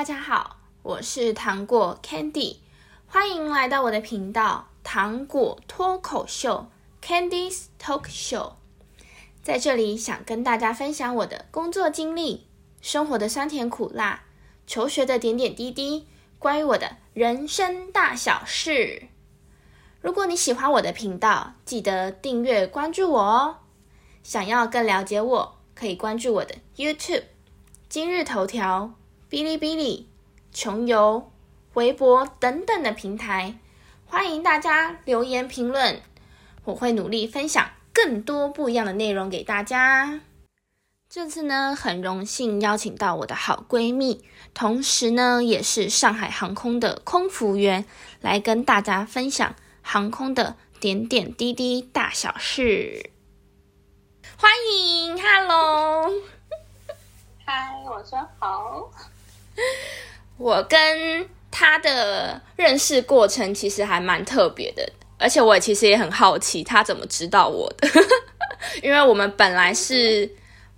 大家好，我是糖果 Candy，歡迎來到我的頻道糖果脫口秀 Candy's Talk Show。在這裡，想跟大家分享我的工作經歷、生活的酸甜苦辣、求學的點點滴滴，關於我的人生大小事。如果你喜歡我的頻道，記得訂閱關注我哦。想要更了解我，可以關注我的 YouTube、今日頭條。嗶哩嗶哩、窮遊、微博等等的平台，歡迎大家留言評論，我會努力分享更多不一樣的內容給大家。這次呢，很榮幸邀請到我的好閨蜜，同時呢，也是上海航空的空服員，來跟大家分享航空的點點滴滴、大小事。歡迎，Hello，嗨，晚上好。我跟他的認識過程其實還蠻特別的，而且我也其實也很好奇他怎麼知道我的， 因為我們本來是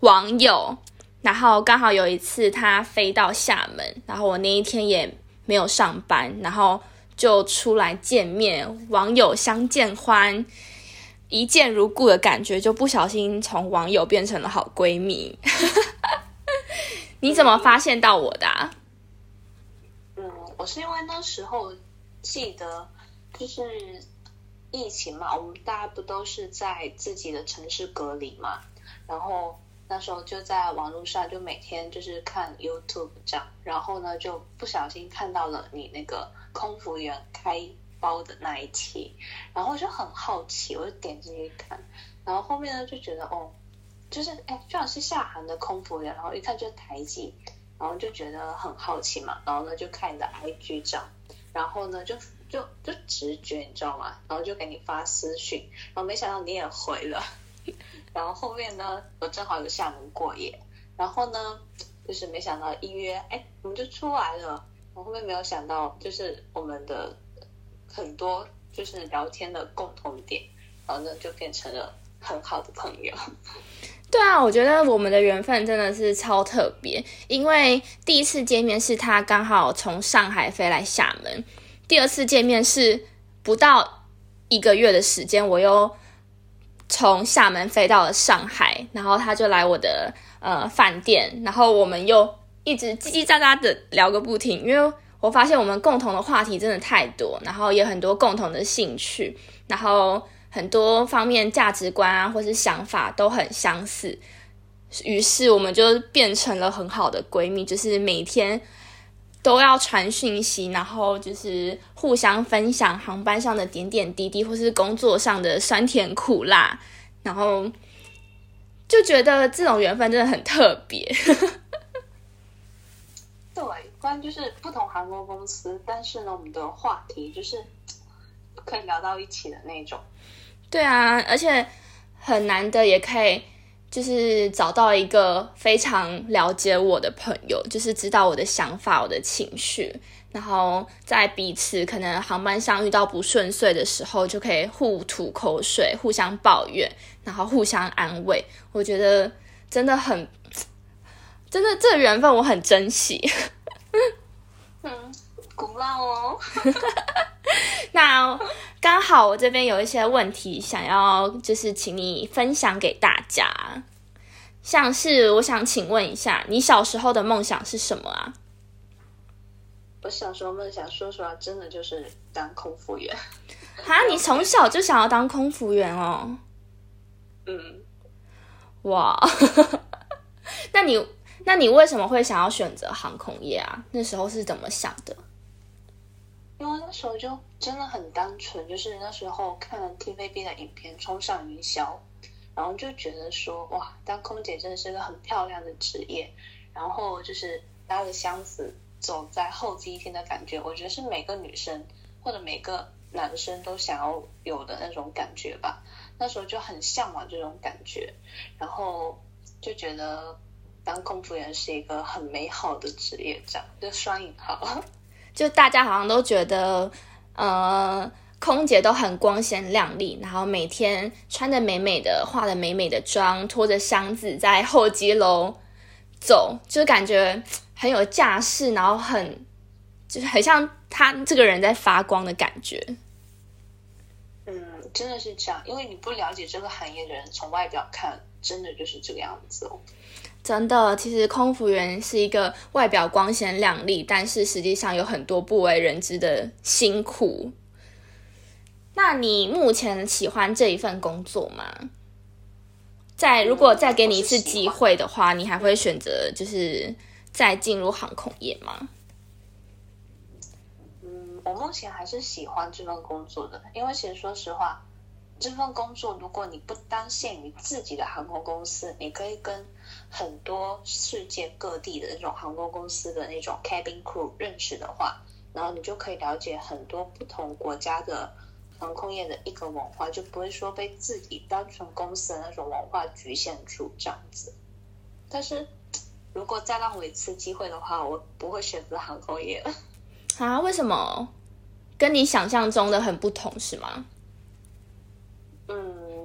網友，然後剛好有一次他飛到廈門，然後我那一天也沒有上班，然後就出來見面，網友相見歡，一見如故的感覺，就不小心從網友變成了好閨蜜。 你怎麼發現到我的啊？嗯，我是因為那時候記得就是疫情嘛，我們大家不都是在自己的城市隔離嘛？然後那時候就在網絡上就每天就是看 YouTube 這樣，然後呢就不小心看到了你那個空服員開包的那一期，然後就很好奇，我就點進去看，然後後面呢就覺得哦。就是哎，居然是廈門的空服人，然後一看就是台籍，然後就覺得很好奇嘛，然後呢就看你的 IG 照，然後呢就就就直覺你知道嗎？然後就給你發私訊，然後沒想到你也回了，然後後面呢，我正好有廈門過夜，然後呢就是沒想到一約哎，我們就出來了，我後，後面沒有想到就是我們的很多就是聊天的共同點，然後呢就變成了很好的朋友。對啊，我覺得我們的緣分真的是超特別，因為第一次見面是他剛好從上海飛來廈門，第二次見面是不到一個月的時間，我又從廈門飛到了上海，然後他就來我的呃飯店，然後我們又一直嘰嘰喳喳的聊個不停，因為我發現我們共同的話題真的太多，然後也有很多共同的興趣，然後。很多方面價值觀啊，或是想法都很相似，於是我們就變成了很好的閨蜜。就是每天都要傳訊息，然後就是互相分享航班上的點點滴滴，或是工作上的酸甜苦辣，然後就覺得這種緣分真的很特別。 對，雖然就是不同航空公司，但是呢，我們的話題就是可以聊到一起的那種。對啊，而且很難得，也可以就是找到一個非常了解我的朋友，就是知道我的想法、我的情緒，然後在彼此可能航班上遇到不順遂的時候，就可以互吐口水、互相抱怨，然後互相安慰。我覺得真的很，真的這緣分我很珍惜。嗯，功勞哦。那。 剛好我這邊有一些問題想要，就是請你分享給大家。像是我想請問一下，你小時候的夢想是什麼啊？我小時候夢想說，想說實話，真的就是當空服員。啊，你從小就想要當空服員哦？嗯。哇。 那你，那你為什麼會想要選擇航空業啊？那時候是怎麼想的？因為那時候就真的很單純，就是那時候看了 TVB 的影片《衝上雲霄》，然後就覺得說哇，當空姐真的是一個很漂亮的職業，然後就是拉着箱子走在候機廳的感覺，我覺得是每個女生或者每個男生都想要有的那種感覺吧。那時候就很向往這種感覺，然後就覺得當空服員是一個很美好的職業，這樣就雙引號。就大家好像都覺得，嗯，呃，空姐都很光鮮亮麗，然後每天穿的美美的，化的美美的妝，拖着箱子在候機樓走，就感覺很有架勢，然後很就是很像她這個人在發光的感覺。嗯，真的是這樣，因為你不了解這個行業的人，從外表看，真的就是這個樣子哦。真的，其實空服員是一個外表光鮮亮麗，但是實際上有很多不為人知的辛苦。那你目前喜歡這一份工作嗎？再如果再給你一次機會的話，你還會選擇就是再進入航空業嗎？嗯，我目前還是喜歡這份工作的，因為其實說實話。這份工作，如果你不單限於自己的航空公司，你可以跟很多世界各地的那種航空公司的那種 cabin crew 認識的話，然後你就可以了解很多不同國家的航空業的一個文化，就不會說被自己單純公司的那種文化局限住這樣子。但是如果再讓我一次機會的話，我不會選擇航空業了。啊？為什麼？跟你想象中的很不同是嗎？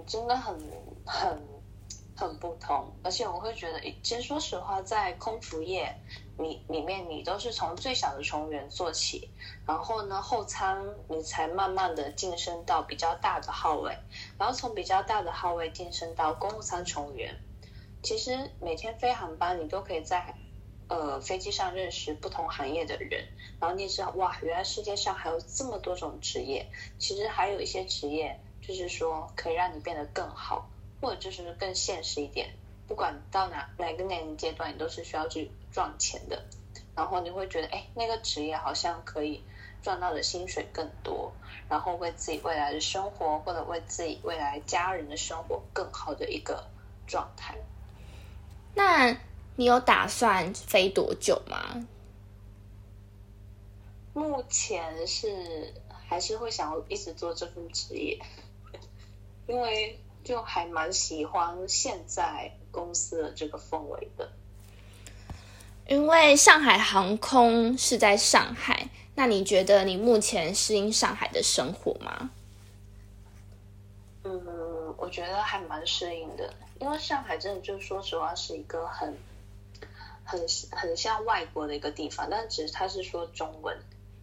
真的很很很不同，而且我會覺得，其實說實話，在空服業裡裡面，你都是從最小的乘務員做起，然後呢，後艙你才慢慢地晉升到比較大的號位，然後從比較大的號位晉升到公務艙乘務員。其實每天飛航班，你都可以在呃飛機上認識不同行業的人，然後你也知道，哇，原來世界上還有這麼多種職業，其實還有一些職業。就是說，可以讓你變得更好，或者就是更現實一點。不管到哪哪個年齡階段，你都是需要去賺錢的。然後你會覺得，哎，那個職業好像可以賺到的薪水更多，然後為自己未來的生活，或者為自己未來家人的生活更好的一個狀態。那你有打算飛多久嗎？目前是還是會想要一直做這份職業。因為就還蠻喜歡現在公司的這個氛圍的。因為上海航空是在上海，那你覺得你目前適應上海的生活嗎？嗯，我覺得還蠻適應的，因為上海真的就說實話是一個很很很像外國的一個地方，但只是他是說中文。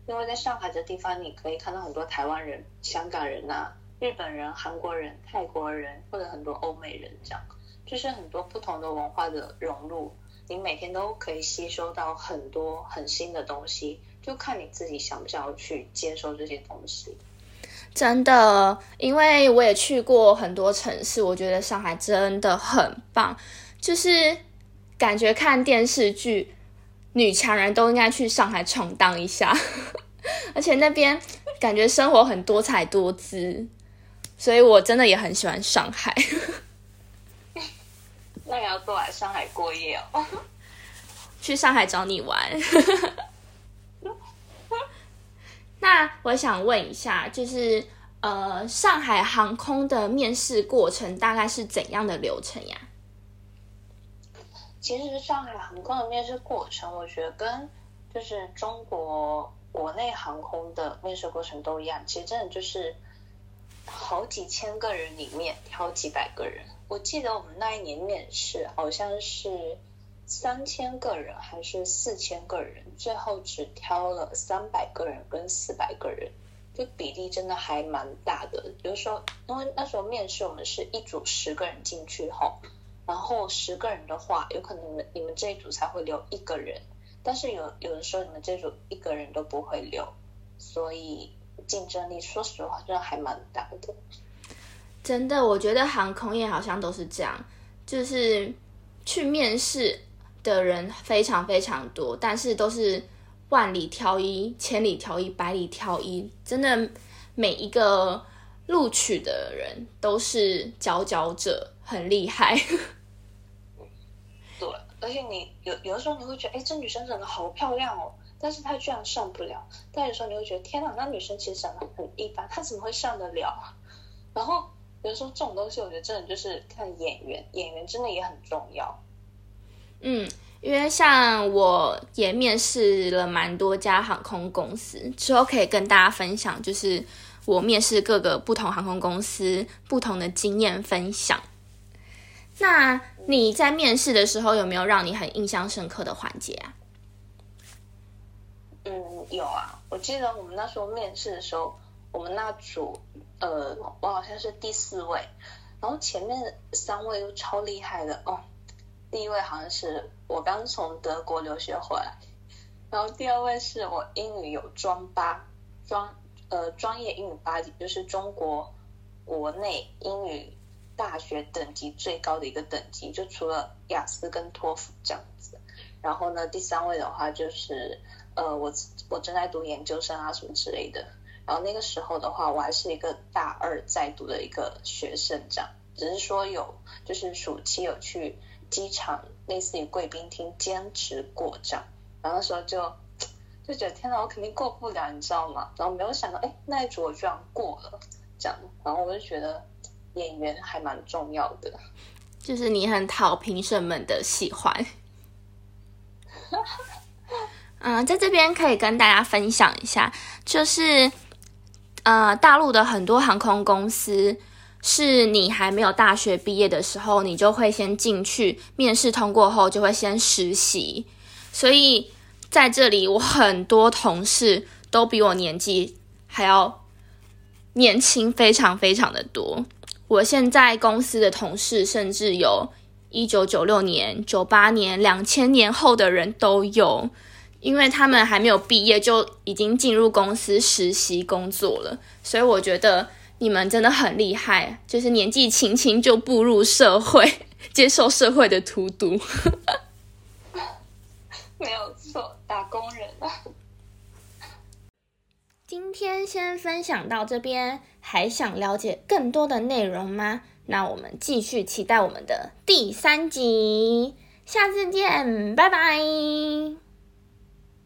因為在上海的地方，你可以看到很多台灣人、香港人吶、啊，日本人、韓國人、泰國人或者，很多歐美人，這樣就是很多不同的文化的融入。你每天都可以吸收到很多很新的東西，就看你自己想不想要去接受這些東西。真的，因為我也去過很多城市，我覺得上海真的很棒。就是感覺看電視劇，女強人都應該去上海闖蕩一下， 而且那邊感覺生活很多彩多姿。所以我真的也很喜歡上海，那你要過來上海過夜哦，去上海找你玩。那我想問一下，就是呃，上海航空的面試過程大概是怎樣的流程呀？其實上海航空的面試過程，我覺得跟就是中國國內航空的面試過程都一樣，其實真的就是。好幾千個人裡面挑幾百個人，我記得我們那一年面試好像是三千個人還是四千個人，最後只挑了三百個人跟四百個人，就比例真的還蠻大的。比如說，因為那時候面試我們是一組十個人進去後，然後十個人的話，有可能你們你們這一組才會留一個人，但是有有的時候你們這組一個人都不會留，所以。競爭力，說實話，真的還蠻大的。真的，我覺得航空業好像都是這樣，就是去面試的人非常非常多，但是都是萬里挑一、千裡挑一、百裡挑一。真的，每一個錄取的人都是佼佼者，很厲害。對，而且你有有的時候你會覺得，哎，這女生長得好漂亮哦。但是他居然上不了，但有時候你會覺得天啊，那女生其實長得很一般，她怎麼會上得了啊？然後有時候這種東西，我覺得真的就是看眼緣，眼緣真的也很重要。嗯，因為像我也面試了蠻多家航空公司，之後可以跟大家分享，就是我面試各個不同航空公司不同的經驗分享。那你在面試的時候有沒有讓你很印象深刻的環節啊？嗯，有啊，我記得我們那時候面試的時候，我們那組，呃，我好像是第四位，然後前面三位都超厲害的哦。第一位好像是我剛從德國留學回來，然後第二位是我英語有專八，專呃專業英語八級，就是中國國內英語大學等級最高的一個等級，就除了雅思跟托福這樣子。然後呢，第三位的話就是。呃，我我正在讀研究生啊，什麼之類的。然後那個時候的話，我還是一個大二在讀的一個學生，這樣。只是說有，就是暑期有去機場，類似於貴賓廳兼職過這樣。然後那時候就就覺得天哪，我肯定過不了，你知道嗎？然後沒有想到，哎，那一組我居然過了，這樣。然後我就覺得演員還蠻重要的，就是你很討評審們的喜歡。 嗯，在這邊可以跟大家分享一下，就是，呃，大陸的很多航空公司是你還沒有大學畢業的時候，你就會先進去，面試通過後就會先實習。所以在這裡，我很多同事都比我年紀還要年輕，非常非常的多。我現在公司的同事，甚至有一九九六年、九八年、兩千年後的人都有。因為他們還沒有畢業就已經進入公司實習工作了，所以我覺得你們真的很厲害，就是年紀輕輕就步入社會，接受社會的荼毒。 沒有錯，打工人啊！今天先分享到這邊，還想了解更多的內容嗎？那我們繼續期待我們的第三集，下次見，拜拜。